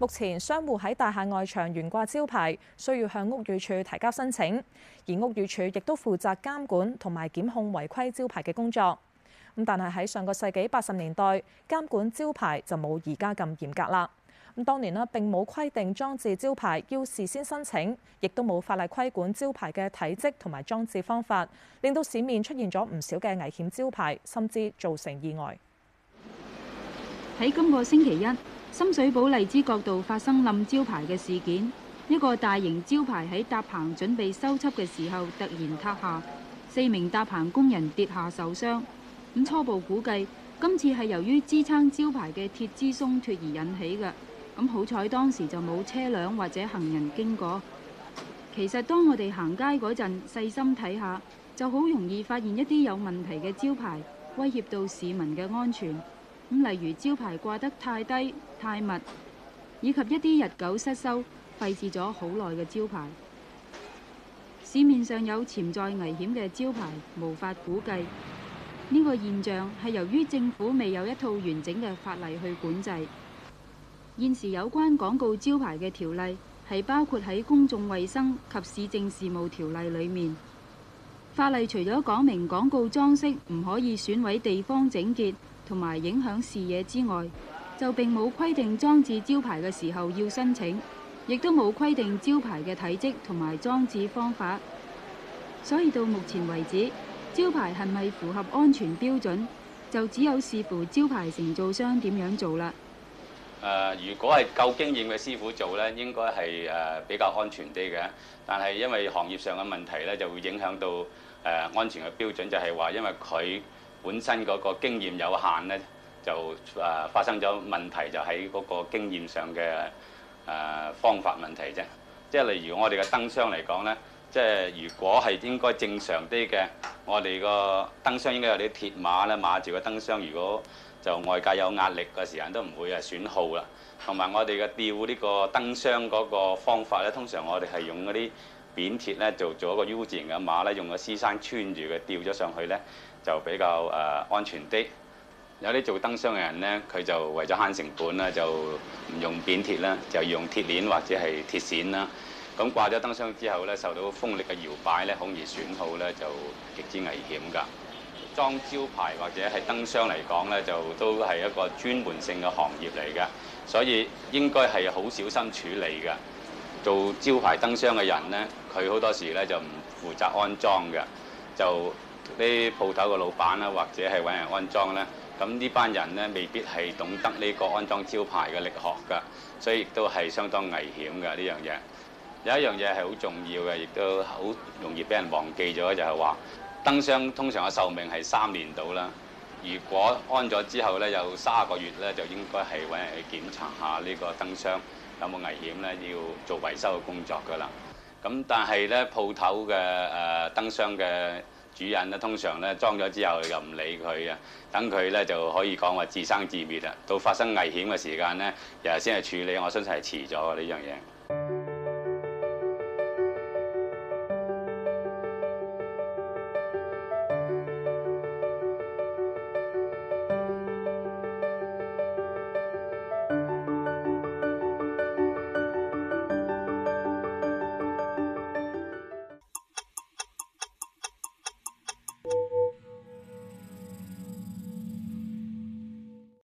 目前商戶喺大廈外牆懸掛招牌，需要向屋宇署提交申請，而屋宇署亦都負責監管同埋檢控違規招牌嘅工作。咁但係喺上個世紀八十年代，監管招牌就冇而家咁嚴格啦。咁當年呢，並冇規定裝置招牌要事先申請，亦都冇法例規管招牌嘅體積同埋裝置方法，令到市面出現咗唔少嘅危險招牌，甚至造成意外。喺今個星期一，深水埗荔枝角道發生冧招牌嘅事件，一個大型招牌喺搭棚準備修葺嘅時候突然塌下，四名搭棚工人跌下受傷。咁初步估計，今次係由於支撐招牌嘅鐵枝鬆脫而引起嘅。咁好彩當時就冇車輛或者行人經過。其實當我哋行街嗰陣，細心睇下，就好容易發現一啲有問題嘅招牌，威脅到市民嘅安全。例如招牌掛得太低、太密，以及一啲日久失修、廢置咗好耐嘅招牌，市面上有潛在危險嘅招牌，無法估計。呢個現象係由於政府未有一套完整嘅法例去管制。現時有關廣告招牌嘅條例係包括喺《公眾衛生及市政事務條例》裏面，法例除咗講明廣告裝飾唔可以損毀地方整潔。同埋影響視野之外，就並冇規定裝置招牌嘅時候要申請，亦都冇規定招牌嘅體積同埋裝置方法。所以到目前為止，招牌係咪符合安全標準，就只有視乎招牌承造商點樣做啦。誒、呃，如果係夠經驗嘅師傅做呢，應該係誒、呃、比較安全啲嘅。但係因為行業上嘅問題呢，就會影響到誒、呃、安全嘅標準，就係、是、話因為佢。本身嗰個經驗有限咧，就誒、呃、發生咗問題，就喺嗰個經驗上嘅誒、呃、方法問題啫。即係例如我哋嘅燈箱嚟講咧，即係如果係應該正常啲嘅，我哋個燈箱應該有啲鐵馬咧碼住個燈箱，如果就外界有壓力嘅時間都唔會誒損耗啦。同埋我哋嘅吊呢個燈箱嗰個方法咧，通常我哋係用嗰啲。扁鐵咧就做，做一個 U 字型嘅馬咧，用個絲衫穿住佢吊咗上去咧，就比較誒、uh, 安全啲。有啲做燈箱嘅人咧，佢就為咗慳成本啦，就唔用扁鐵啦，就用鐵鏈或者係鐵線啦。咁掛咗燈箱之後咧，受到風力嘅搖擺咧，好易損耗咧，就極之危險㗎。裝招牌或者係燈箱嚟講咧，就都係一個專門性嘅行業嚟嘅，所以應該係好小心處理㗎。做招牌燈箱嘅人呢，佢好多時呢就唔負責安裝嘅，就啲鋪頭嘅老闆啦，或者係揾人安裝呢，咁呢班人呢未必係懂得呢個安裝招牌嘅力學嘅，所以亦都係相當危險嘅呢樣嘢。有一樣嘢係好重要嘅，亦都好容易俾人忘記咗，就係話燈箱通常嘅壽命係三年到啦。如果安咗之後呢，有三個月呢，就應該係揾人去檢查下呢個燈箱。有冇危險咧？要做維修嘅工作噶啦。咁但係咧，鋪頭嘅誒、呃、燈箱嘅主人咧，通常咧裝咗之後又唔理佢啊，等佢咧就可以講話自生自滅啊。到發生危險嘅時間咧，又先係處理，我相信係遲咗啊！呢樣嘢。